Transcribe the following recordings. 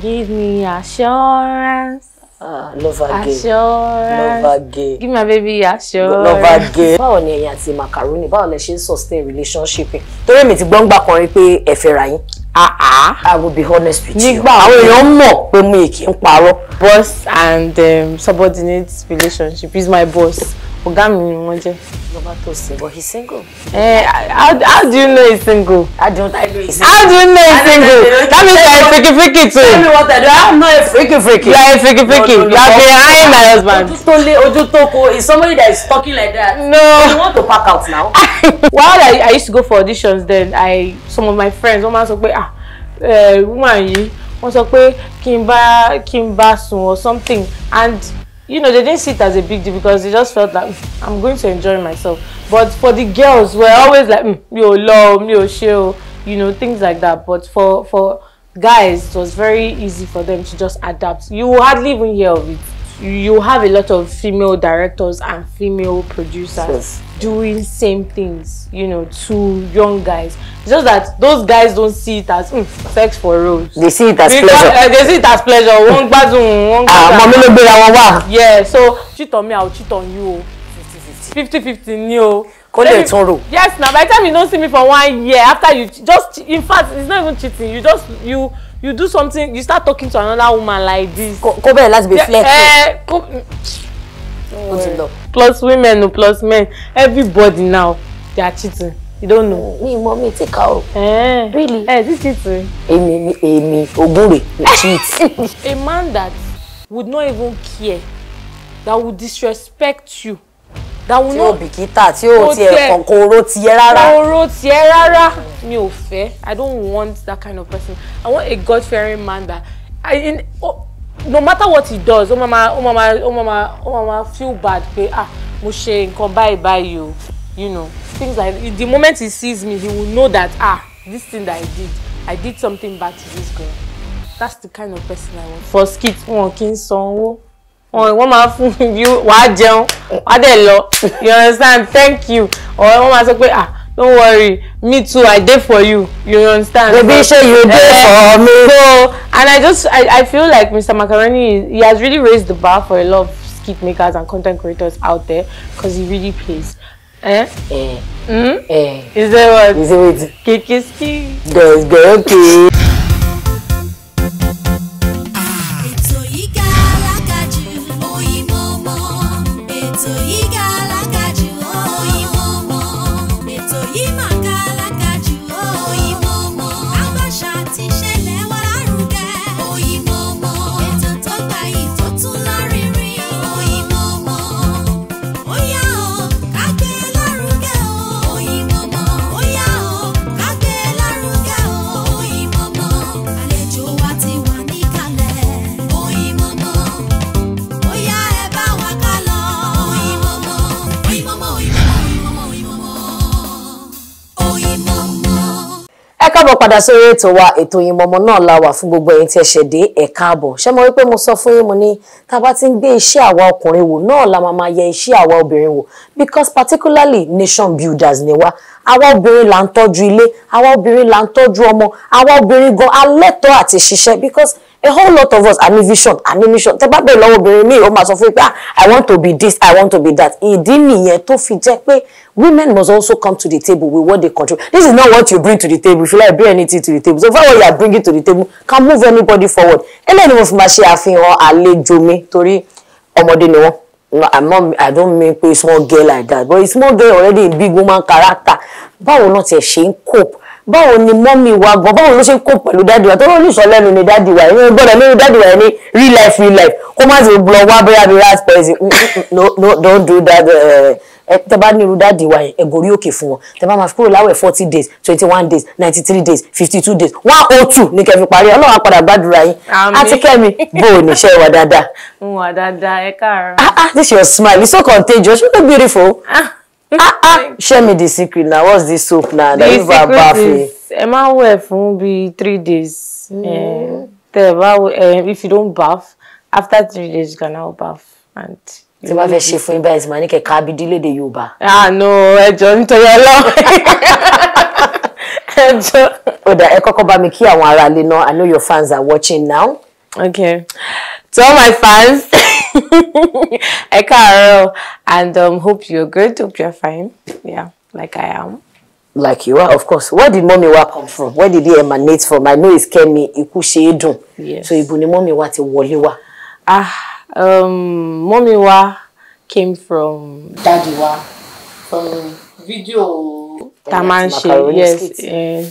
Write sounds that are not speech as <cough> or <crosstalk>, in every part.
Give me assurance. Ah, love again. Assurance. Love again. Give my baby assurance. Love again. Báwo ni ẹ̀yin àti macaroni báwo lẹ ṣe ń sustain relationship yìí? Torí mi ti gbọ́ ń gbà kan rí pé ẹ fẹ́ra yín. Ah ah. I will be honest with you. Nígbà àwọn èèyàn mọ̀ pé mo yìí kì í parọ́. Boss and um, subordinate relationship is my boss ọ̀gá mi ni wọ́n jẹ́. Bàbá tó sìn bọ̀, he's single. Eh, how, how do you know he's single? How do I know How do you know he's single? That means you're a freaky freaky too. Tell me what I do. I'm not a freaky freaky. You are a freaky freaky. No, no, no, you're no, behind no. my husband. Ojú tó lé, ojú tó kó is somebody that is talking like that. No. You want to pack out now? <laughs> While I, I used to go for auditions then, I some of my friends wọ́n máa sọ pé ah eh, woman yìí wọ́n sọ pé kí n bá kí n bá sùn or something and you know they didn't see it as a big deal because they just felt like hmm, i'm going to enjoy myself but for the girls were always like mm, mi ò lọ mi ò you know things like that but for for guys it was very easy for them to just adapt you hardly even hear of it you have a lot of female directors and female producers yes. doing same things, you know, to young guys. It's just that those guys don't see it as mm, sex for roles. They see it as because, pleasure. Uh, they see it as pleasure. One gbádùn, wọ́n ah, gbádùn. Ah, mommy no one wa. Yeah, so cheat on me, I'll cheat on you. 50-50 ni o. kó lè tún rò. yes Now, by the time you don't see me for one year after you just in fact it's not even cheating you just you you do something you start talking to another woman like this. kó bẹ̀rẹ̀ láti be flex. Eh, plus women no plus men everybody now they are cheating you don't know. mi mọ mi ti ka o. Eh, really. ẹ eh, this cheating. èmi èmi ogun re o cheat. a man that would not even care that would disrespect you dáhùn náà bìkítà tí ó tiẹ̀ kọ̀ọ̀kan oró tiẹ̀ rárá. oró tiẹ̀ rárá mi ò fẹ́ i don't want that kind of person i want a god fearing man that I, in, oh, no matter what he does ó mama, ma mama, máa mama, ó mama, feel bad pé ah mo ṣe nǹkan báyìí báyìí o you know things like that. the moment he sees me he will know that ah this thing that i did i did something bad to this girl that's the kind of person i want. for skit wọn kì í sanwó wọ́n máa fún you wàá jẹun wàá dẹ̀ lọ you understand thank you or wọ́n máa sọ pé ah don't worry me too i dey for you you understand. baby shey you dey eh, for me. so and i just i i feel like mr macaroni he has really raised the bar for a lot of skit makers and content creators out there because he really plays. Eh? Eh. Mm? Eh. Is that what? Is that what? Kikiski. Girls, girl, okay. káàbọ̀ padà sórí ètò wa ètò yín mọ̀mọ́ náà la wà fún gbogbo ẹ̀yin tí ẹ ṣẹ̀ dé ẹ káàbọ̀ ṣé mo rí pé mo sọ fún yín mo ní tá a bá ti ń gbé iṣẹ́ àwa ọkùnrin wò náà la máa yẹ iṣẹ́ àwa obìnrin wò because particularly nation builders ni wá àwa obìnrin là ń tọ́jú ilé àwa obìnrin là ń tọ́jú ọmọ àwa obìnrin gan alẹ́tọ̀ọ́ àti ṣiṣẹ́ because a whole lot of us a ní vision a ní mission tẹ bá bẹ̀rẹ̀ lọ́wọ́ obìnrin mi ó máa sọ fún mi ah, i want to be this i want to be that ìdí nìyẹn to fi jẹ́ pé women must also come to the table with what they control this is not what you bring to the table if you like bring anything to the table so far what you are bringing to the table can move anybody forward eléyìí mo fi máa ṣe àfihàn àlejò mi torí ọmọdé ni wọn no i'm not i don't mean pe small girl like that but a small girl already in big woman character báwo náà tiẹ̀ ṣe cope báwo ni mọ́mì wa gan báwo ló ṣe kó pẹ̀lú dáàdì wa tọ́lọ́ nìṣọ́ lẹ́nu ni dáàdì wa ẹni gbọ́dọ̀ lórí dáàdì wa ẹni real life real life kó má sì gbọ́ wá bóyá bí rat poison mm, mm, mm, no no don't do that eh, eh, eh. tẹ bá ní irú dáàdì wa yẹn ẹgòrí òkè fún wọn tẹ bá máa fi kúrò láwẹ̀ forty days twenty one days ninety three days fifty two days one oh two ní kẹfì parí ọlọ́run àpàdà gbàdúrà yín àti kẹ́mi bó o níṣẹ́ wa dáadáa. wà dáadáa ẹ káàárọ̀. ah ah this your smile is so contagious you look beautiful. Ah, ah <laughs> ah share me the secret now. what's this soap na that you are baffing. ẹ máa ń wẹ̀ fún three days mm. tẹ ẹ if you don't baff after three days you can now baff and. tí wọ́n fẹ́ ṣe fún yín báyìí tí màá ní kẹ̀kẹ́ abidí léde Yorùbá. ah no ẹjọ nítorí Ọlọ́run <laughs> ẹjọ. ó dà ẹ kọ́kọ́ bá mi kí àwọn aráalé náà I know your fans are watching now. okay to all my fans, I <laughs> and um, hope you're good. Hope you're fine. Yeah, like I am. Like you are, of course. Where did mommy wa come from? Where did he emanate from? I know it's Kemi Ikusheedun. Yes. So ibu ni mommy wa ti wọlé wá. Ah, um, mommy wa came from daddy wa from video. Tamanche. yes. Uh,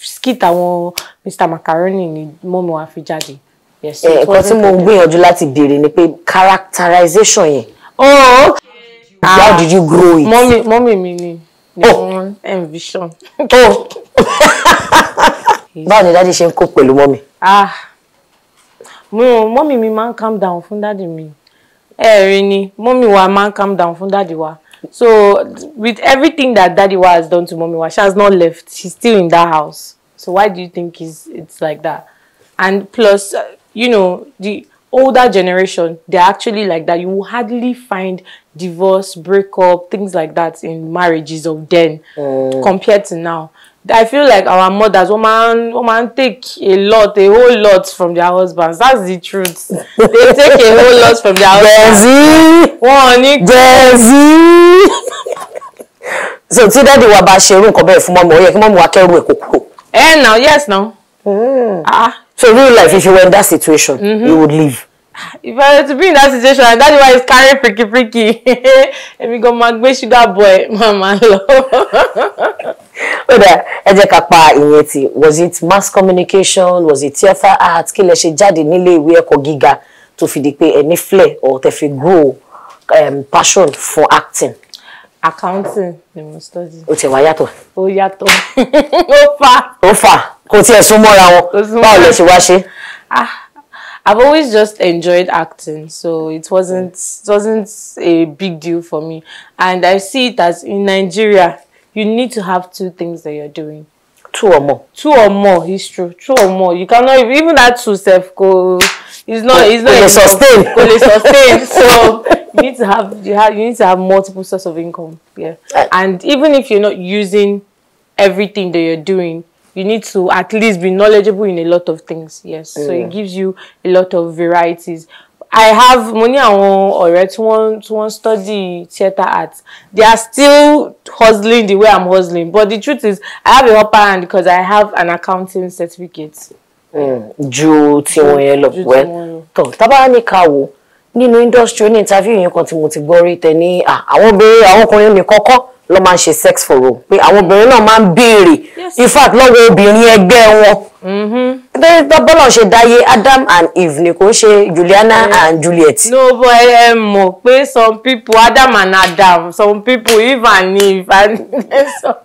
skit àwọn Mr. Macaroni ni mommy wa fi jáde. Eh, nǹkan tí mo gbìyànjú láti béèrè ni pé characterization yẹn. oh okay. how ah. did you grow it. mọ́mì mọ́mì mi ni the oh. one envision. <laughs> oh báwo ni dáàdi ṣe ń kó pẹ̀lú mọ́mì. ah mo mọ́mì mi máa ń calm down fún dáàdi mi ẹ̀rín ni mọ́mì wa máa ń calm down fún dáàdi wa. So with everything that Daddy Wa has done to Mommy Wa, she has not left. She's still in that house. So why do you think it's it's like that? And plus, uh, you know, the older generation, they're actually like that. You hardly find divorce, breakup, things like that in marriages of then mm. compared to now. I feel like our mothers, woman, woman take a lot, a whole lot from their husbands. That's the truth. they take a whole lot from their husbands. One, so tí dádì wa bá ṣe irú nǹkan bẹ́ẹ̀ fún mọ́mọ́ ó yẹ kí mọ́mọ́ wa kẹ́rù ẹ̀ kó kúrò. Eh, yes now. Mm. Ah. So real life, if you were in that situation, mm-hmm. you would leave. If I were to be in that situation, and is why he's carrying freaky freaky. Let me go, gan máa gbé that boy, mama lọ. Oda, <laughs> ẹ jẹ́ ká pa ìyẹn tì. Was it mass communication? Was it theater art? Kí lẹ ṣe jáde nílé ìwé ẹ̀kọ́ gíga tó fi di pé flair or tẹ́ grow um, passion for acting? Accounting ni mo study. O tẹ̀ wá yàtọ̀. Ofa. yàtọ̀. <laughs> kò tiẹ̀ sún mọ́ra wọn báwo lè ṣe wá ṣe. Ah, I've always just enjoyed acting, so it wasn't it wasn't a big deal for me. And I see it as in Nigeria, you need to have two things that you're doing. Two or more. Two or more, it's true. Two or more. You cannot even add two self go it's not it's not sustain. sustain. <laughs> So you need to have you have you need to have multiple sources of income. Yeah. Eh. And even if you're not using everything that you're doing, you need to at least be knowledgeable in a lot of things yes mm. so it gives you a lot of varieties i have money. ní àwọn ọ̀rẹ́ tí wọ́n tí study theater art they are still hustling the way i'm hustling but the truth is i have a upper hand because i have an accounting certificate. Mm. ju tiwọn yẹn lọ pẹ tó tábà ní ká wo nínú industry ní interview yẹn kan tí mo ti gbọ́ rí tẹ ní ah, àwọn obìnrin àwọn ọkùnrin nìkan kọ́ ló máa ń ṣe sex for all pé àwọn obìnrin náà máa ń béèrè in fact lọ́wọ́ obìnrin ẹgbẹ́ wọn mm-hmm. bọ́lá ṣe dáyé Adam and Eve ni kò ṣe Juliana and Juliet. no but ẹ eh, mọ̀ pé some people Adam and Adam some people Eve and Eve and some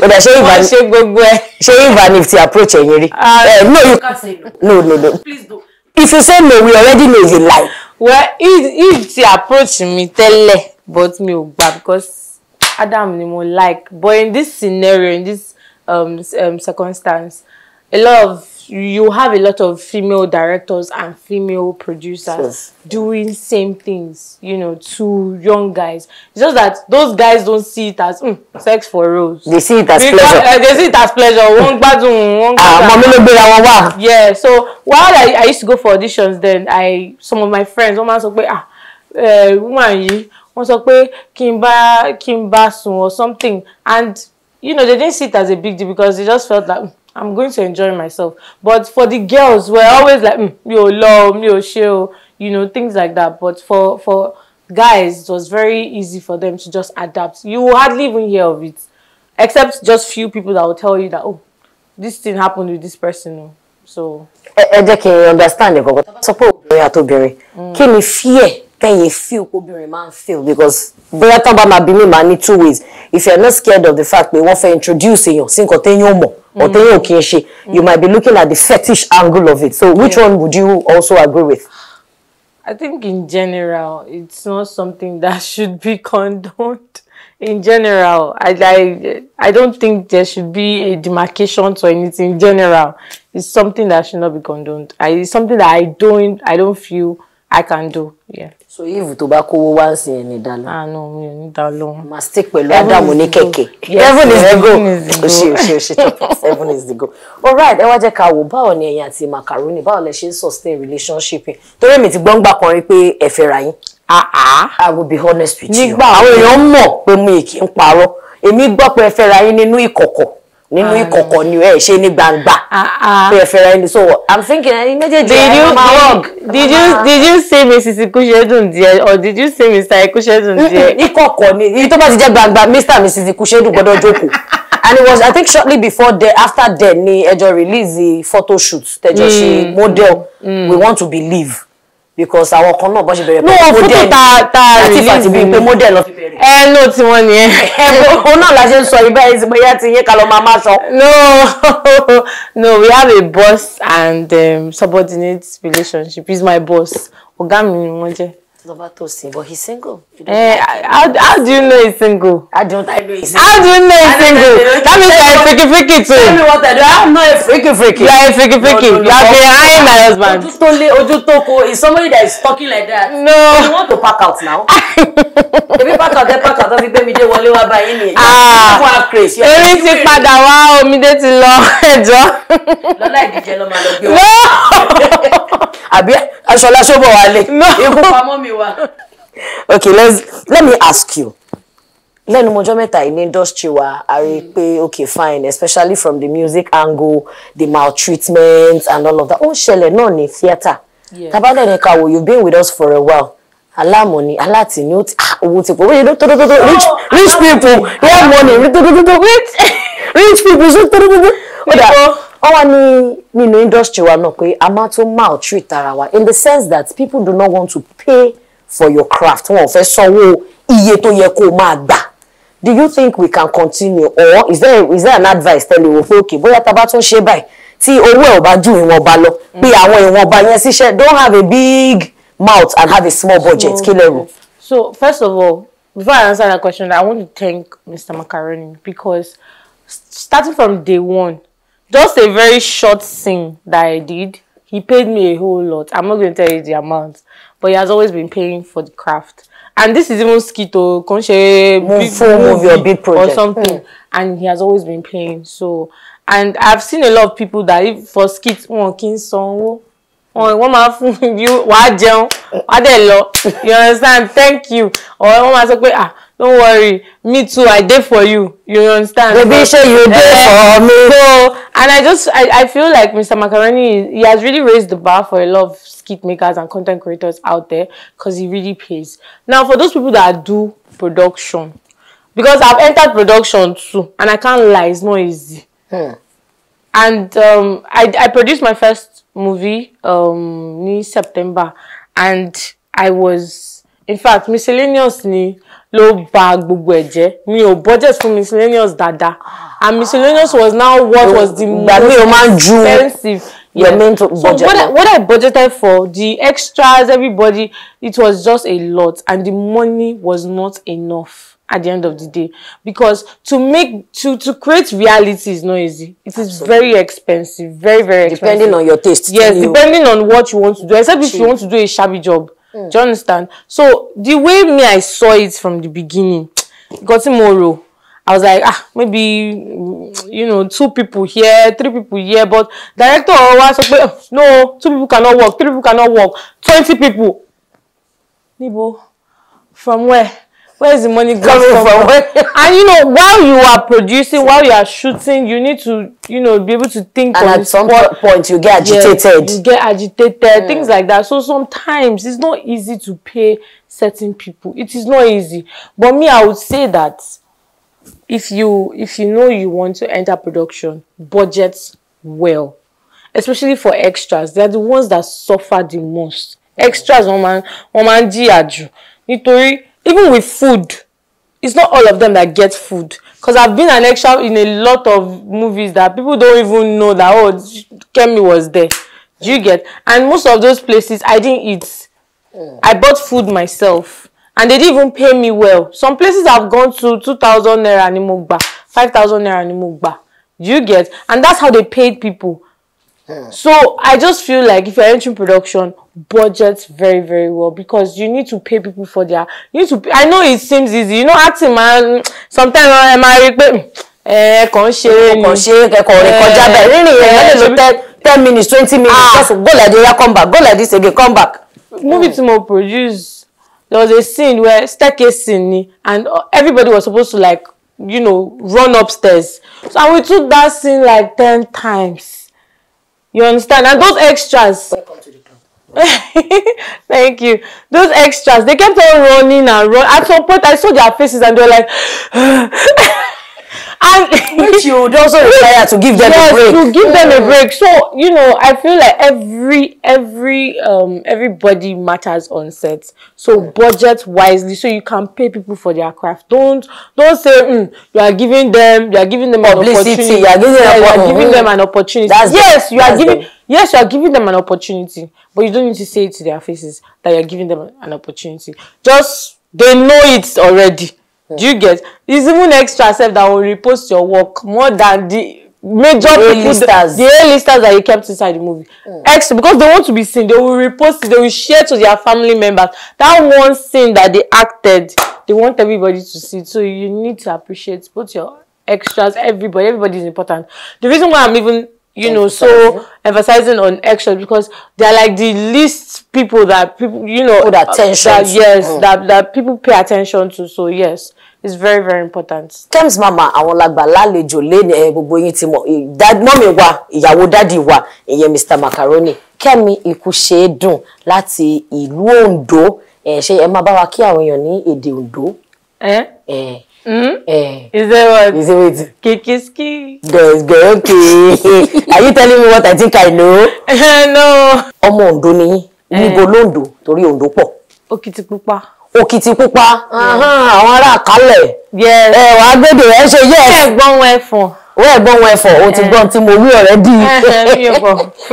kódà ṣé ìbá ní ṣe gbogbo ẹ ṣé ìbá ní ti approach ẹ̀yin rí ah, eh, no you can't say no no no please do if you say no we already know you lie. well if if ti approach mi tẹ́lẹ̀ but mi ò gbà because Adam ni mo like but in this scenario in this um, um, circumstance a lot of you have a lot of female directors and female producers sure. doing same things you know to young guys it's just that those guys don't see it as mm, sex for roles they see it as because, pleasure uh, they see it as pleasure One gbádùn one. Ah, gbádùn ah mọ̀mí ló gbéra wọn wá. yeah so while I, I used to go for auditions then I some of my friends wọ́n man sọ pé ah eh, woman yìí wọ́n sọ pé kí n bá kí n bá sùn or something and you know they didn't see it as a big deal because they just felt like mm, i'm going to enjoy myself but for the girls were always like mm, mi ò lọ mi ò ṣe o you know things like that but for for guys it was very easy for them to just adapt you hardly even hear of it except just few people that will tell you that oh this thing happened with this person o so. ẹ jẹ́ kí n understand ẹ̀ kọ̀ọ̀kan tó bá sọ pé obìnrin àtobìnrin mm. kí ni fear you feel kóbìnrin máa ń feel because bóyá tán bá máa bí mi máa ní two ways if you are not scared of the fact pé wọ́n fẹ́ introduce èèyàn sí nǹkan téèyàn mọ̀ or mm. téèyàn ò ṣe mm. you might be looking at the fetish angle of it so which yeah. one would you also agree with. I think in general it's not something that <laughs> should be condoned. in general I, I i don't think there should be a demarcation to anything in general it's something that should not be condoned I, it's something that i don't i don't feel I can do. Yeah. So if tó bá kówó wá sí ẹni dá lọ. Ah no, mi ò ní dá lọ. Máa stick pẹ̀lú Ádámù ní kẹ̀kẹ́. Heaven is the goal. <laughs> O ṣe o ṣe o ṣe Heaven is the goal. All right, I want to ká wò báwo ni ẹ̀yin àti macaroni báwo lẹ ṣe ń sustain relationship yẹn. Torí èmi ti gbọ́n gbà kan rí pé Ah ah. I will be honest with you. Nígbà àwọn èèyàn mọ̀ pé mi kì í parọ́. Èmi gbọ́ pé ẹ fẹ́ ra yín nínú ah. ìkọ̀kọ̀ ni ẹ ṣe ní gbangba pé ah, ah. ẹ fẹ́ra ẹni sọ̀wọ́ i'm thinking ẹni méjèèjì ẹ máa work. did you did you say mrs ikushedun díẹ̀ or did you say mr ikushedun díẹ̀. ìkọ̀kọ̀ ni èyí tó bá ti jẹ́ gbangba mr and mrs ikushedun gbọ́dọ̀ jókòó <laughs> and it was i think shortly before then after then ni ẹjọ́ release the photo shoot tẹjọ ṣe mm, model mm, mm. we want to believe because àwọn kan náà bọ́n ṣe bẹ̀rẹ̀ pẹ̀lú model fótó ta ta release mi pé model lọ fi bẹ̀rẹ̀. ẹ ló ti wọn nìyẹn. <laughs> òun náà la ṣe ń sọ ibà yìí pé yá ti yé ká lọ máa máa sọ. no <laughs> no we have a boss and um, subordinate relationship he's my boss ọ̀gá mi ni wọ́n jẹ́. But he's single. Hey, eh, how, how do you know he's single? I don't I know he's single. How do you know he's single? That means you're a freaky freaky too. Tell me what I do. I'm not a freaky freaky. You're a freaky freaky. No, no, no, you're behind my husband. Ojutole, Ojutoko is somebody that is talking like that. No. But you want to pack out now? <laughs> If you pack out, then pack out. Don't be me dey wọlé wá báyìí ni. Ah. Èmi ti padà wá omi dé ti lọ <laughs> ẹjọ́. Lọ́lá ìdíje ló máa lọ gbé wa. No. <laughs> àbí aṣọ lásòbò wà lé. ikú pamọ́ mi wà. okay let's let me ask you lẹ́nu mọ́jọ́ mẹ́ta yìí ní industry wa a rí i pé okay fine especially from the music angle the maltreatment and all of that ó ń ṣẹlẹ̀ náà ní theatre tabadẹ ní kawo you been with us for a while alámọ̀ni alátìní ó ti ah, owó ti pọ̀ wíyẹ oh, tótótótó rich rich people yeah money tótótótó rich rich people so tótótótó ó dà wọ́n wá ní nínú industry wa náà pé a máa tó maltreat ara wa in the sense that people do not want to pay for your craft wọn ò fẹ́ sanwó iye tó yẹ kó o máa gbà do you think we can continue or is there is there an advice tẹ́lẹ̀ wò pé okay bóyá tá a bá tún ṣe báyìí tí owó ẹ̀ ò bá ju ìwọ̀nba lọ pé mm. àwọn ìwọ̀nba yẹn ṣiṣẹ́ don't have a big mouth and have a small budget mm. kí lẹ́rù. so first of all before I answer that question I want to thank Mr. Macaroni because starting from day one just a very short thing that I did. He paid me a whole lot. I'm not going to tell you the amount, but he has always been paying for the craft. And this is even Skito, Konche, move, full move your big project or something. Mm. And he has always been paying. So, and I've seen a lot of people that if for skit, one king song, oh, one man fún <laughs> you, wá jẹun, wá dé lọ. You understand? Thank you. Or one man sọ pé ah don't worry me too i did for you you understand. baby you dey eh, for me. so and i just i i feel like mr macaroni he has really raised the bar for a lot of skit makers and content creators out there because he really pays now for those people that do production because i've entered production too and i can't lie it's not easy. Hmm. and um, I, I produced my first movie um, in September and I was in fact miscellaneously. ló bà gbogbo ẹ̀ jẹ́ mi ò budget fún miscellaneous dada, ah. and miscellaneous was now what was the most expensive your yes. budget. So what I, what I budgeted for, the extras, everybody, it was just a lot and the money was not enough at the end of the day because to make to to create reality is not easy it is Absolutely. very expensive very very expensive depending on your taste yes depending on what you want to do except if you want to do a shabby job Mm. Do you understand? So the way me I saw it from the beginning, got tomorrow. I was like, ah, maybe you know, two people here, three people here, but director or what? pé oh, no, two people cannot work, three people cannot work, twenty people. Níbo, from where? where is the money going? from? from? <laughs> and you know, while you are producing, while you are shooting, you need to, you know, be able to think. And at some spot. point, you get agitated. Yeah, you get agitated, mm. things like that. So sometimes it's not easy to pay certain people. It is not easy. But me, I would say that if you if you know you want to enter production, budget well, especially for extras. They are the ones that suffer the most. Extras, woman, woman, ń you. jù even with food it's not all of them that get food because i've been an extra in a lot of movies that people don't even know that oh Kemi was there do you get and most of those places i didn't eat mm. i bought food myself and they didn't even pay me well some places i've gone to two thousand naira ni mo gbà five thousand naira ni mo gbà do you get and that's how they paid people Hmm. So I just feel like if you're entering production, budget very very well because you need to pay people for their you need to pay, I know it seems easy you know acting man sometimes ẹ máa eh, pé hmm, ẹ kàn ṣe é kàn ṣe é kẹkọọ rẹ kọjá bẹ́ẹ̀ eh, rírìn yẹn eh, lè lo ten ten minutes twenty minutes ah. just go like this come back go like this come back. movie tí mo produce there was a scene where staircase scene ni and everybody was supposed to like you know run upstairs so and we took that scene like ten times. You understand? And those extras. Welcome to the club. Thank you. Those extras, they kept on running and running. At some point, I saw their faces and they were like, <gasps> <laughs> and which you would also require to give them yes, a break to give them a break so you know i feel like every every um everybody matters on set so budget wisely so you can pay people for their craft don't don't say mm, you are giving them you are giving them Publicity, an opportunity you are giving, yeah, you are giving them an opportunity that's yes the, you are giving the, yes, you are giving them an opportunity, but you don't need to say it to their faces that you're giving them an opportunity. Just they know it already do you get it's even extra self that will repost your work more than the major the people listers. the a-listers that you kept inside the movie mm. extra because they want to be seen they will repost it they will share to their family members that one scene that they acted they want everybody to see so you need to appreciate both your extras everybody everybody is important the reason why i'm even you know so emphasizing on action because they're like the least people that people you know put attention that, yes mm. that that people pay attention to so yes it's very very important. Tems mama àwọn làgbà lálejò lẹ́nu eh, gbogbo yín ti mọ̀ mọ́mí wa ìyàwó dádì wa ìyẹn Mr Macaroni Kẹ́mi Ikuṣeédùn láti ìlú Ondo eh, ṣé ẹ máa bá wa kí àwọn èèyàn ní èdè Ondo. Eh? Eh Hmm? Eh. Is that what? Is it waiting? Kikiski. Girls, girl, okay. <laughs> Are you telling me what I think I know? Eh, no. Omo Ondo ni ni eh. bolondo, tori Ondo po. pọ̀. Òkìtìpupa. Òkìtìpupa. Àwọn ará àkálẹ̀. Yes. Ẹ wàá gbèdè ẹ ṣe yẹ. Ṣé ẹ̀gbọ́n wọn ẹ̀fọn? wọ́n ẹ̀gbọ́n wọn ẹ̀fọ̀ o ti eh. gbọ́n tí mo wí ọ̀rẹ́ dì í eh,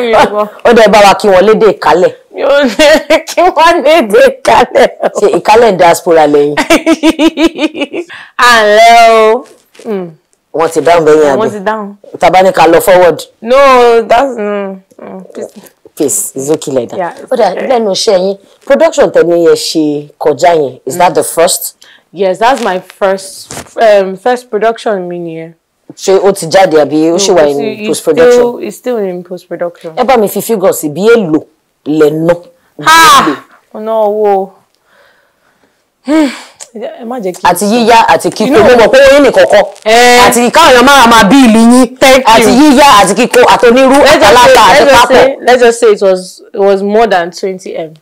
eh, ó dẹ̀ bá wa kí wọ́n lédè ìkálẹ̀. yóò lè kí wọ́n lédè ìkálẹ̀. ṣe ìkálẹ̀ ń diaspora lẹ́yìn. <laughs> àlẹ́ o. Hmm. wọ́n ti dáhùn bẹ́yìn àgbẹ̀ wọ́n ti dáhùn. tàbá ní lọ forward. no that's. Mm, mm, peace is okay like that. ó dà lẹ́nu iṣẹ́ yín production tẹ̀lé yẹn ṣe kọjá yẹn is that the first. yes that's my first um, first production mi nìyẹn ṣé ó ti jáde àbí ó ṣì wà in post production. Still, it's still in post production. ẹ bá mi fi fígọ̀ sí bí èlò lẹ́nà. ọ̀nà owó àti yíyá àti kíkó mo mọ̀ pé oyin nìkan kọ́ eh. àti káwọn èèyàn máa máa bí ìlú yín àti yíyá àti kíkó àtònírú àtàlápà àti pápọ̀. let's just say it was it was more than twenty m.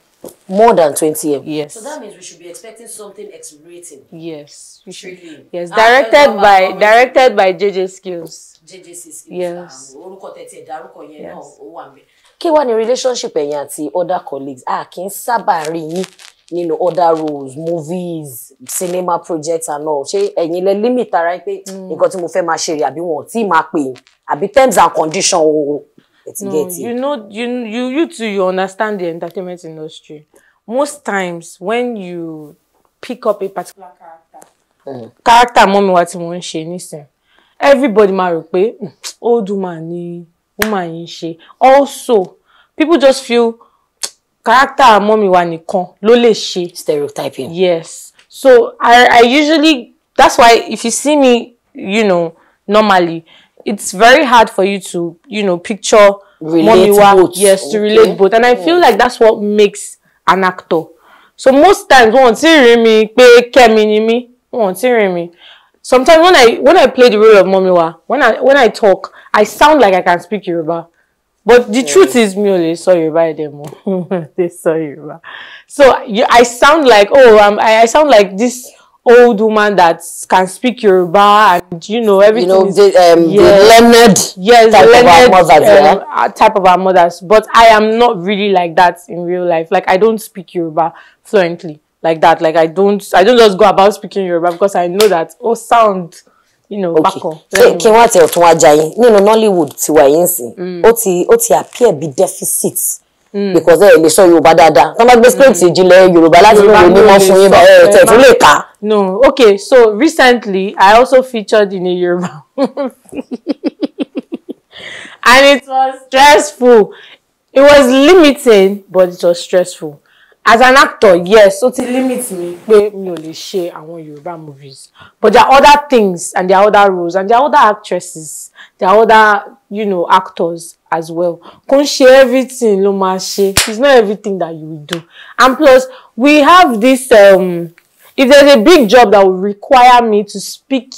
More than 20 M. Yes. So that means we should be expecting something exhilarating. Yes. You should. Really? Yes. Directed ah, by directed by JJ Skills. JJ Skills. Ah, yes. Orúkọ tẹ̀tẹ̀ dárúkọ yẹn náà ó wà ńbẹ̀. Kí wá ní relationship ẹ̀yin àti other colleagues? A kì í sábà rí yín nínú other roles, movies, cinema projects and all. Ṣé ẹ̀yin lẹ limit ara yín pé mm. nǹkan tí mo fẹ́ máa ṣe rè àbí wọn ò tí ì máa pè yín àbí terms and conditions o. It's no, getting. You know, you you you too. You understand the entertainment industry. Most times when you pick up a particular character, mm. character mommy, what tí wọ́n she, listen. everybody máa rò pé hmm, old woman ni woman yìí ń Also, people just feel character Mommy, wa nìkan ló lè Stereotyping. Yes. So I I usually that's why if you see me, you know, normally. it's very hard for you to, you know, picture relate Both. Yes, okay. to relate both. And I feel like that's what makes an actor. So most times wọ́n me, rí mi pé Kẹ́mi ni mí, wọ́n ti rí Sometimes when I when I play the role of Momiwa, when I when I talk, I sound like I can speak Yoruba. But the yeah. truth is, me only saw sọ Yorùbá demo. They saw Yorùbá. So you, I sound like, oh, I, I sound like this old woman that can speak Yoruba and you know everything. You know is, the, um, yes, the learned yes, type learned, of our mothers, um, yeah? Uh, type of our mothers. But I am not really like that in real life. Like I don't speak Yoruba fluently like that. Like I don't, I don't just go about speaking Yoruba because I know that oh sound. You know, okay. bako. Kí wọ́n àti ọ̀tún ajá yín nínú Nollywood ti wà yín sìn. Mm. Ó ti ó ti appear bí deficit Mm. because ẹ lè sọ Yorùbá dáadáa. Tọ́ bá gbé script mm. ìjìnlẹ̀ Yorùbá láti lóore mímọ́ fún yín bá ẹ̀ tẹ̀ tún lè kà á. No. Okay. So recently, I also featured in a Yoruba <laughs> and it was stressful. It was limiting, but it was stressful. As an actor, yes, so it limits me. Pé mi ò lè ṣe àwọn Yoruba movies. But there are other things and there are other roles and there are other actresses. There are other, you know, actors as well. Kò ń everything ló máa ṣe. It's not everything that you do. And plus, we have this um If there's a big job that will require me to speak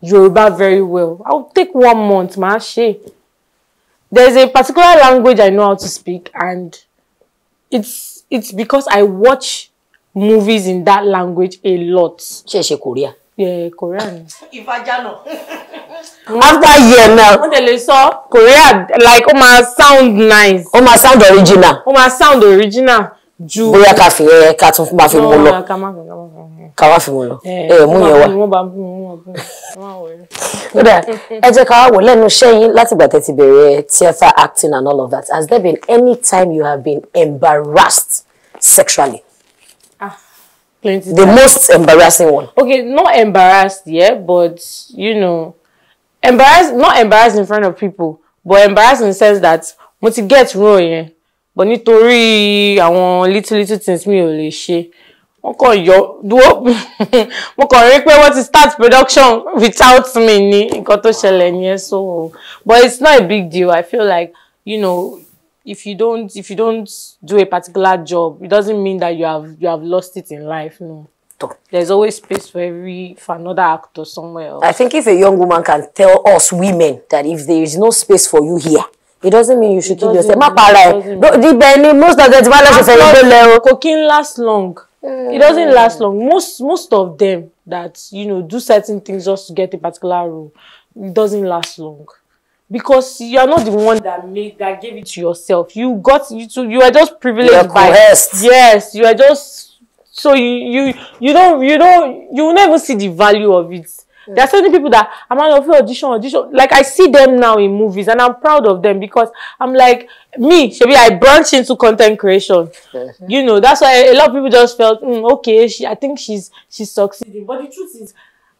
Yoruba very well, I'll take one month, ma she. There's a particular language I know how to speak and it's it's because I watch movies in that language a lot. She she Korea? Yeah, Korean. Ifajano. <laughs> After year now. Wọ́n tẹ̀lé sọ Korea like ó máa sound nice. Ó máa sound original. Ó máa sound original ju bóyá ká fi ẹ eh, ká tún máa fi mú lọ ká wá fi mú lọ eh, eh, ẹ mú yẹn wá. <laughs> kódà ẹ jẹ́ ká wá wò lẹ́nu iṣẹ́ yín láti ìgbà tẹ́ ti bẹ̀rẹ̀ theatre acting and all of that has there been any time you have been embarrassed sexually? Ah, plenty the times. most embarrassing one. okay not embarrassed yet yeah, but you know embarrassed not embarrassed in front of people but embarrassed in the sense that mo ti get role yẹn. Yeah but nítorí àwọn little little things mi ò lè ṣe wọ́n kàn yọ dúró <laughs> mo kàn rí pé wọ́n ti start production without me ní nǹkan tó ṣẹlẹ̀ yẹn so but it's not a big deal i feel like you know if you don't if you don't do a particular job it doesn't mean that you have you have lost it in life no there's always space for every for another actor somewhere else. i think if a young woman can tell us women that if there is no space for you here it doesn't mean you should kill yourself má para ẹ̀ ibẹ̀ ni most of the ti máa lọ́sẹ̀ fẹ́ ló lẹ cooking kò last long mm. it doesn't eh. last long most most of them that you know do certain things just to get a particular role it doesn't last long because you are not the one that made that gave it to yourself you got you too you were just privileged by yes you were just so you you you don't you don't you never see the value of it There are so many people that I'm out of audition, audition. Like I see them now in movies and I'm proud of them because I'm like, me, maybe I branch into content creation. You know, that's why a lot of people just felt, mm, okay, she, I think she's she's succeeding. But the truth is,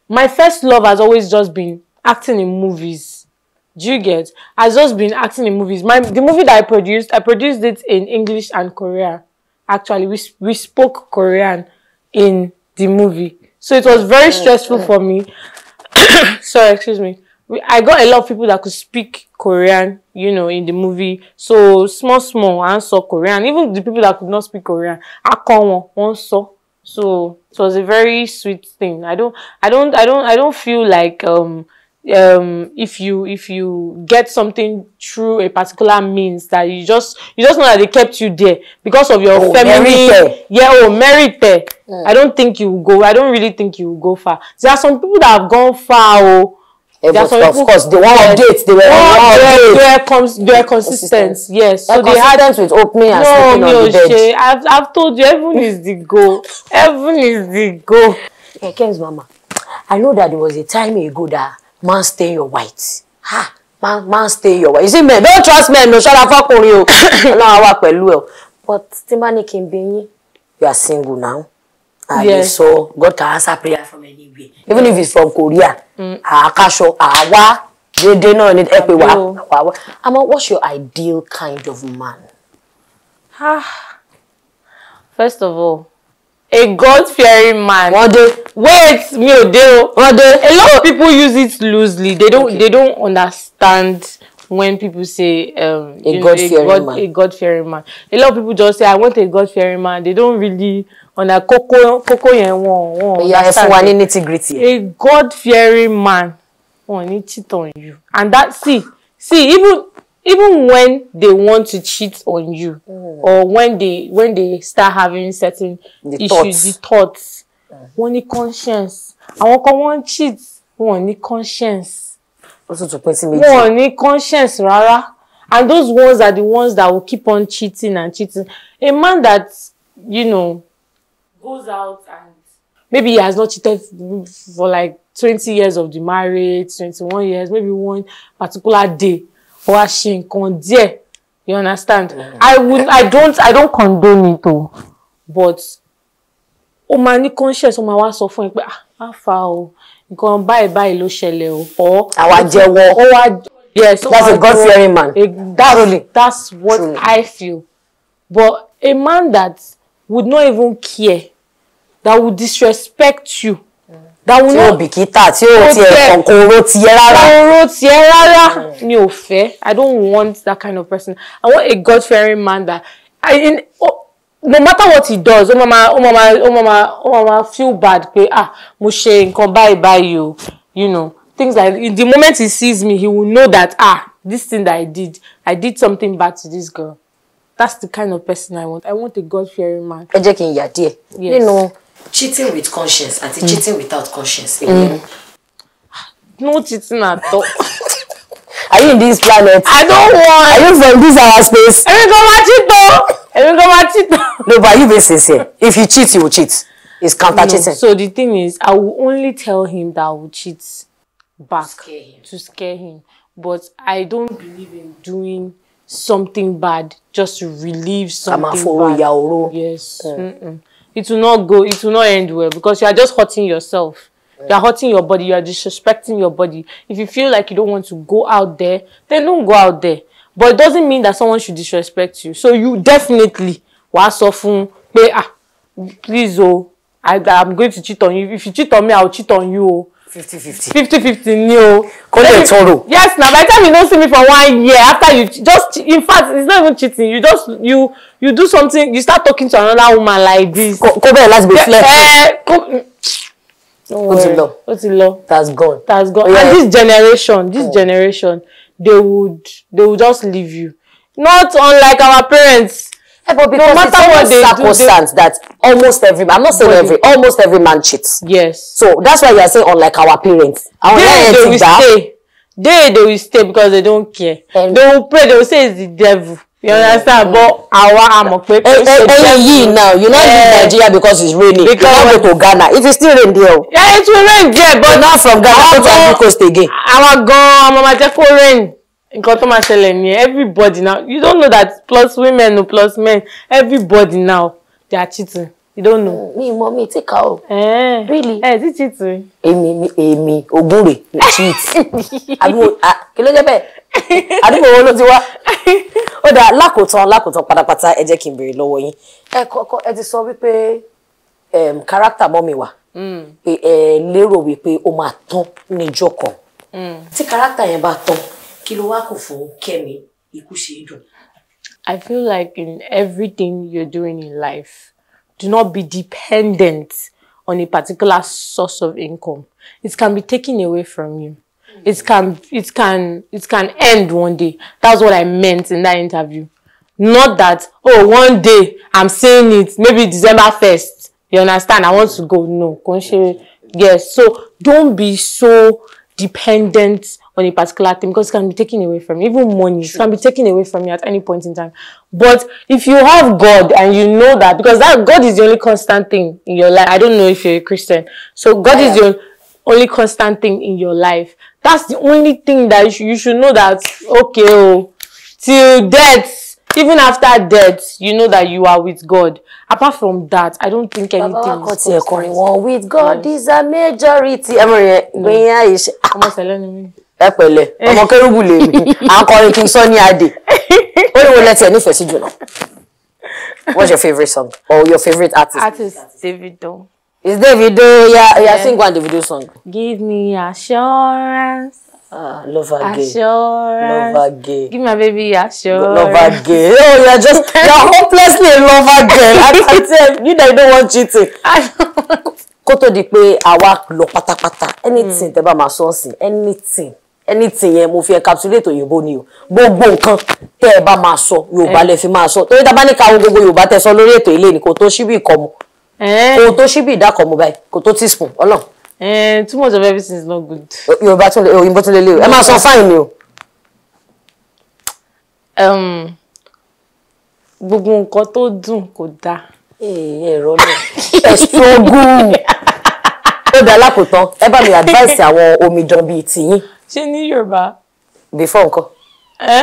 my first love has always just been acting in movies. Do you get? Has just been acting in movies. My the movie that I produced, I produced it in English and Korean. Actually, we we spoke Korean in the movie. So it was very stressful for me. <coughs> sorry, excuse me. I got a lot of people that could speak Korean, you know, in the movie. So small, small, I saw Korean. Even the people that could not speak Korean, I come one saw. So it was a very sweet thing. I don't, I don't, I don't, I don't feel like um um if you if you get something through a particular means that you just you just know that they kept you there because of your oh, family yeah oh merit mm. i don't think you go i don't really think you go far there are some people that have gone far oh yeah, there are some of people, course the one dates they were oh, on dates they were, cons they were consistent yes so they had they with opening and no, sleeping on the bed I've, I've told you heaven is the goal heaven is the goal hey, Ken's mama i know that there was a time ago that man stay your white ha man man stay your white you see men don't trust men no ṣọ́ra fọkùnrin o Ọlọ́run wà pẹ̀lú ẹ o but tí n bá ní kí you are single now and yeah. so God can answer prayer from anywhere even if it's from Korea A mm. àkàṣọ àwa déédéé náà ni ẹ pé wà wà wà àmọ́ what's your ideal kind of man. Ha! Ah. first of all a God-fearing man. Wọ́n dé. Wait, mi ò dé o. Wọ́n dé. A lot of people use it loosely. They don't okay. they don't understand when people say um, a God-fearing God, man. A God-fearing man. A lot of people just say, I want a God-fearing man. They don't really ọ̀nà kókó kókó yẹn wọn wọn ọ̀nà sáà fún wa ní nitty gritty. a God-fearing man wọn ní cheat on you and that see see even even when they want to cheat on you mm. or when they when they start having certain the issues thoughts. the thoughts mm. wọ́n ní conscience àwọn kan wọ́n cheat wọ́n ní conscience wọ́n ní conscience Rara. and those ones are the ones that will keep on cheating and cheating a man that you know goes out and maybe he has not cheated for like twenty years of the marriage twenty-one years maybe one particular day wá ṣe nǹkan díẹ̀ you understand mm-hmm. i would i don't i don't condone it o but ó máa ní conscience ó máa wá sọ fún ẹ pé ah má fa o nǹkan báyìí báyìí ló ṣẹlẹ̀ o. àwa jẹ́wọ́ ó wá yes ó wá jẹ́wọ́ that's a God fearing man truly that's what truly. i feel but a man that would not even care that would disrespect you dáhùn náà tí ò bìkítà tí ò tiẹ̀ kọ̀ọ̀kan oró tiẹ̀ rárá. oró tiẹ̀ rárá mm. mi ò fẹ́ i don't want that kind of person i want a God-fearing man that I, in, oh, no matter what he does ó mama, ó mama, ó mama, ó mama, feel bad pé ah mo ṣe nǹkan báyìí báyìí o you know things like in the moment he sees me he will know that ah this thing that i did i did something bad to this girl that's the kind of person i want i want a God-fearing man. ẹ jẹ́ kí n yà díẹ̀ nínú cheating with conscience and mm. cheating without conscience. Mm. no cheating at all. <laughs> are you in this planet. i don't want. are you from this our space. èmi kò gonna cheat though? èmi kò gonna cheat though? no but you be sincere if you cheat you will cheat it's counter no, cheating. so the thing is i will only tell him that i will cheat back scare him. to scare him but i don't believe in doing something bad just to relieve something bad. amaforo yaoro. yes. Mm. Mm -mm it will not go, it will not end well because you are just hurting yourself. Yeah. You are hurting your body, you are disrespecting your body. If you feel like you don't want to go out there, then don't go out there. But it doesn't mean that someone should disrespect you. So you definitely wàá sọ fún pé ah please o oh, I, I'm going to cheat on you. If you cheat on me, I will cheat on you o. Oh fifty fifty. fifty fifty ni o. kò lè tọrọ. yes na by the time you no see me for one year after you just in fact it's not even cheating you just you you do something you start talking to another woman like this. kó bẹ́ẹ̀ láti gbé flẹ̀. ẹ kó mm, o ti lọ o ti lọ that's gone that's gone yeah. and this generation this oh. generation they would they would just leave you not unlike our parents Yeah, but because no matter it's they circumstance do, they... that almost every I'm not saying but every they... almost every man cheats. Yes. So that's why you are saying unlike our parents. Our they, they will that. stay. They they will stay because they don't care. Um, they will pray, they will say it's the devil. You understand? Mm. But our amọ̀ pé pé ṣe jẹ́ now you no in Nigeria because it's raining. Because you no go to Ghana if it still rain there. Oh. Yeah, it will rain there but. You're not from Ghana, I'm going to Abrikos again. Àwọn gan-an ọmọ máa jẹ́ kó rain nǹkan tó máa ṣẹlẹ̀ ni everybody now you don't know that plus women no plus men everybody now they are cheating you don't know. mi mọ mi ti ka o. Eh, really ẹ eh, ti cheat. èmi mi èmi ogun rè mi cheat <laughs> àdúgbò kí ló jẹ bẹ́ẹ̀ àdúgbò wo ló ti wá. ó dáa lákòótán lákòótán pátápátá ẹ jẹ́ kí n béèrè lọ́wọ́ yín ẹ kọ́kọ́ ẹ ti sọ wípé kárátà mọ́ mi wà hmm. pé ẹ lérò wípé ó máa tán níjọ́ kan hmm. tí kárátà yẹn bá tán. I feel like in everything you're doing in life, do not be dependent on a particular source of income. It can be taken away from you. It can, it can, it can end one day. That's what I meant in that interview. Not that, oh, one day I'm saying it, maybe December 1st. You understand? I want to go. No. Yes. So don't be so dependent on a particular thing because it can be taken away from you. Even money can be taken away from you at any point in time. But if you have God and you know that, because that God is the only constant thing in your life. I don't know if you're a Christian. So God yeah. is your only constant thing in your life. That's the only thing that you should, you should know that, okay, oh, till death, even after death, you know that you are with God. Apart from that, I don't think anything is With God is a majority. Am Almost ẹ pẹ̀lẹ́ ọmọ kérúbù lèmi akọrin kí n sọ ní adé ó ní wo lẹ́tí ẹ̀ nífẹ̀ẹ́ sí jùlọ what's your favourite song or your favourite artist. artist Davido. is Davido ya yeah, yeah. sing one Davido song. give me assurance. Ah, love again. Assurance. Love again. Give my baby assurance. Love again. Oh, you're just, you're hopelessly in love again. I can tell you that you don't want cheating. I don't. Kó tó di pé àwa lọ pátápátá anything tẹ́ bá máa sọ́ọ̀sì anything anything yẹn mo fi encapsulate òyìnbó ni o gbogbo nǹkan tẹ́ ẹ bá máa sọ yorùbá lẹ fi máa sọ torí tá a bá ní káwọn gbogbo yorùbá tẹ́ sọ lórí ètò ilé ni kò tó ṣíbí ìkọmọ eh? kò tó ṣíbí ìdákọmọ báyìí kò tó teaspoon ọlọ. Eh, too much of everything is not good. yorùbá tún lè òyìnbó tún lè lè o ẹ máa sọ fáìn ni o. Um, gbogbo nǹkan tó dùn kò <laughs> dáa. ẹ̀rọ náà ẹ̀ struggle ó dá lákòótán ẹ bá mi advice àwọn omidan bíi tìyín ṣé ní yorùbá. before nǹkan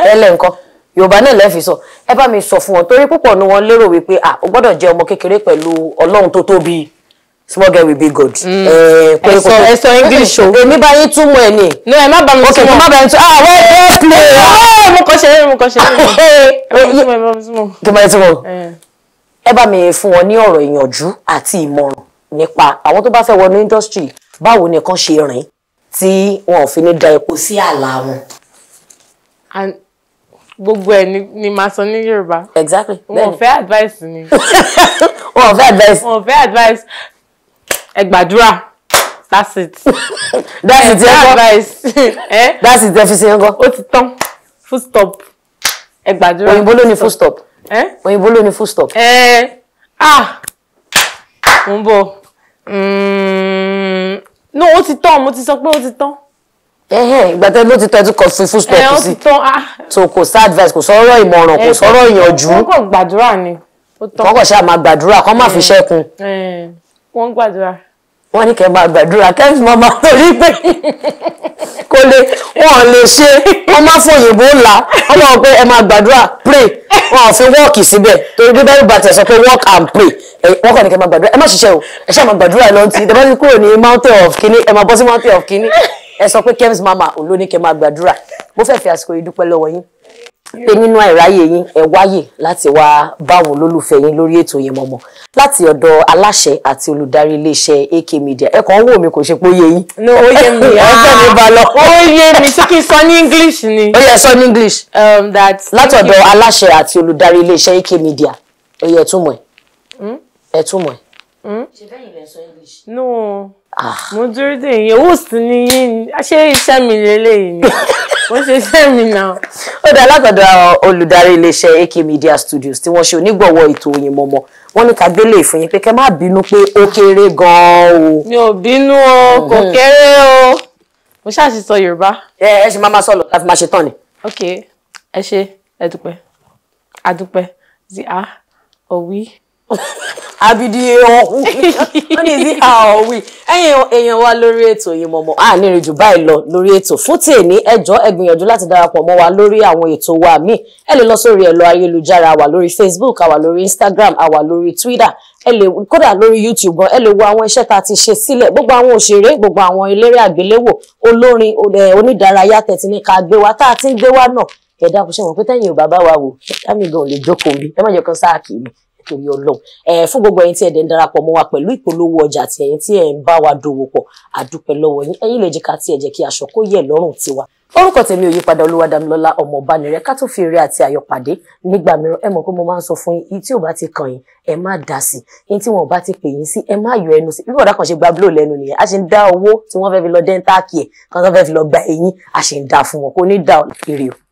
tẹ́lẹ̀ nǹkan yorùbá náà lẹ́ẹ̀fi sọ ẹ bá mi sọ fún wọn torí púpọ̀ ni wọ́n lérò wípé ah o gbọ́dọ̀ jẹ́ ọmọ kékeré pẹ̀lú ọlọ́run tó tóbi small girl will be good. Mm. ẹ sọ english o. èmi bá yín túmọ̀ ẹ̀ ni. no ẹ má bá mi túmọ̀. ok mo má bá yín túmọ̀ ah wẹ́ẹ́ bẹ́ẹ̀ play. ọ̀ mo kọ́ ṣe é mo kọ́ ṣe é. <laughs> ẹ bá mi túmọ̀ ẹ bá mi túmọ̀. kí n bá yín túmọ̀ ẹ bá mi fún wọn ní ọ̀rọ̀ ìyànjú àti ìmọ̀ràn nípa àwọn tó bá fẹ́ wọnú industry báwo nìkan ṣe rìn tí wọn ò fi ní da epo sí àlà wọn. gbogbo ẹ ni màá sọ ní Yorùbá. exactly wọn ò fẹ́ advice ni. <laughs> wọn ò fẹ́ advice. wọn ò fẹ́ advice ẹ gbàdúrà that's it. <laughs> that's it ẹ kọ́ <laughs> eh? that's it ẹ fi ṣe ń kọ́. ó ti tán full stop ẹ gbàdúrà. òyìnbó ló ní full stop. Eh? òyìnbó ló ní full stop. ẹ eh? ah mo ń bọ̀. Mm no ó ti tán mo ti sọ pé ó ti tán. ìgbà tẹ́ ló ti tán ẹ tún kọ fi fún stop sí. ẹ ó ti tán ah. so kò sí advice kò sọ̀rọ̀ ìmọ̀ràn kò sọ̀rọ̀ ìyànjú. wọ́n kàn gbàdúrà ni ó tán. wọ́n kàn ṣáà máa gbàdúrà kó má fi ṣẹ́kun. wọ́n gbàdúrà wọ́n ní kẹ́ máa gbàdúrà kẹ́mi máa máa <laughs> rí pé kò lè wọ́n lè ṣe wọ́n máa fòyìnbó ńlá wọ́n máa pé ẹ máa gbàdúrà pray wọ́n ò fi wọ́ọ̀kì síbẹ̀ torí bí bẹ́ẹ̀ bàtẹ̀ sọ pé work and pray wọ́n kàn ní kẹ́ máa gbàdúrà ẹ má ṣiṣẹ́ o ẹ ṣáà máa gbàdúrà lọ́n ti ìdẹ́bẹ́ ti kúrò ní mountain of Kini, ẹ máa bọ́ sí mountain of Kini, ẹ sọ pé kẹ́mi máa máa òun ló ní kẹ́ máa gbàdúrà mo fẹ́ fi àsìkò yìí dúpẹ́ lọ́wọ́ yín pé nínú àìráyè yín ẹ wáyè láti wá báwọn olólùfẹ́ yín lórí ètò yẹn mọ̀mọ́ láti ọ̀dọ̀ aláṣẹ àti olùdarí iléeṣẹ́ AK Media ẹ kàn ń wò mí kò ṣe pé ó yé yín. no ó yé mi ọjọ́ <laughs> mi bá lọ. ó yé mi ṣé kí n sọ ní English ni. ó yẹ sọ ní English. um that. láti ọ̀dọ̀ aláṣẹ àti olùdarí iléeṣẹ́ AK Media ó yẹ túmọ̀ ẹ̀ hmm? ẹ̀ túmọ̀ ẹ̀. Hmm? ṣe bẹ́ẹ̀ ni ilẹ̀ sọ English. no ah. mo dúró dè yín owó sì ni yín ṣé iṣẹ́ mi lélẹ́yìn ni. <laughs> wọ́n ṣe iṣẹ́ mi náà. ó dá látọ̀dọ̀ olùdarí iléeṣẹ́ AK Media Studios tí wọ́n ṣe onígbọ̀wọ́ ètò Oyinmomo wọ́n ní ká gbélé ìfún yín pé kẹ́ má bínú pé ó kéré gan-an o. mi ò bínú o kò mhm. kéré o mo ṣáàṣì sọ Yorùbá. ẹ ẹ ṣe máa máa sọ láti máa ṣe tán ni. ok ẹ ṣe ẹ dúpẹ́ adúpẹ́ zia òwí. <laughs> abidi ọ̀hún wọ́n ní sí àọ̀wí ẹ̀yin èèyàn wa lórí ètò yìí mọ̀mọ́ a ní ìrìn jù báyìí lọ lórí ètò fún tèmi ẹjọ́ ẹ gbìyànjú láti darapọ̀ mọ́ wa lórí àwọn ètò wa míì ẹ lè lọ sórí ẹ̀rọ ayélujára àwa lórí Facebook àwa lórí Instagram àwa lórí Twitter ẹ lè kódà lórí YouTube gan ẹ lè wo àwọn iṣẹ́ tá a ti ṣe sílẹ̀ gbogbo àwọn òṣèré gbogbo àwọn eléré àgbéléwò olórin onídàárayá tẹ̀tí ní ká gbé wa tá a ti ń gbé wa náà ẹ̀dá kò ṣe mọ̀ pé tẹ́yìn ò bàbá wa wò dámì gan ò lè jókòó bí ẹ má jẹ́ kan sáà kì í torí Ọlọ́run ẹ fún gbogbo ẹ̀yin tí ẹ dẹ̀ ń darapọ̀ mọ́ wa pẹ̀lú ìpolówó ọjà àti ẹ̀yin tí ẹ ń bá wa dòwò pọ̀ àdúpẹ́ lọ́wọ́ yín ẹ̀yin lè jẹ́ ká tiẹ̀ jẹ́ kí aṣọ kó yẹ̀ lọ́rùn tiwa orúkọ tèmi ò yípadà olúwadámilọ́lá ọmọ ọbánirẹ ká tó fi eré àti ayọ̀ pàdé nígbà mìíràn ẹ mọ̀ pé mo máa ń sọ fún yín tí ò bá ti kàn yín ẹ má dá sí yín tí wọn ò bá ti pè yín sí ẹ má yọ ẹnu sí bí bọ̀dá kan ṣe gba blow lẹ́nu nìyẹn a ṣe ń dá owó tí wọ́n fẹ́ fi lọ dẹ́ńtàkì ẹ̀ kan tó fẹ́ fi lọ gba eyín a ṣe ń dá fún wọn kò ní dá èrè o.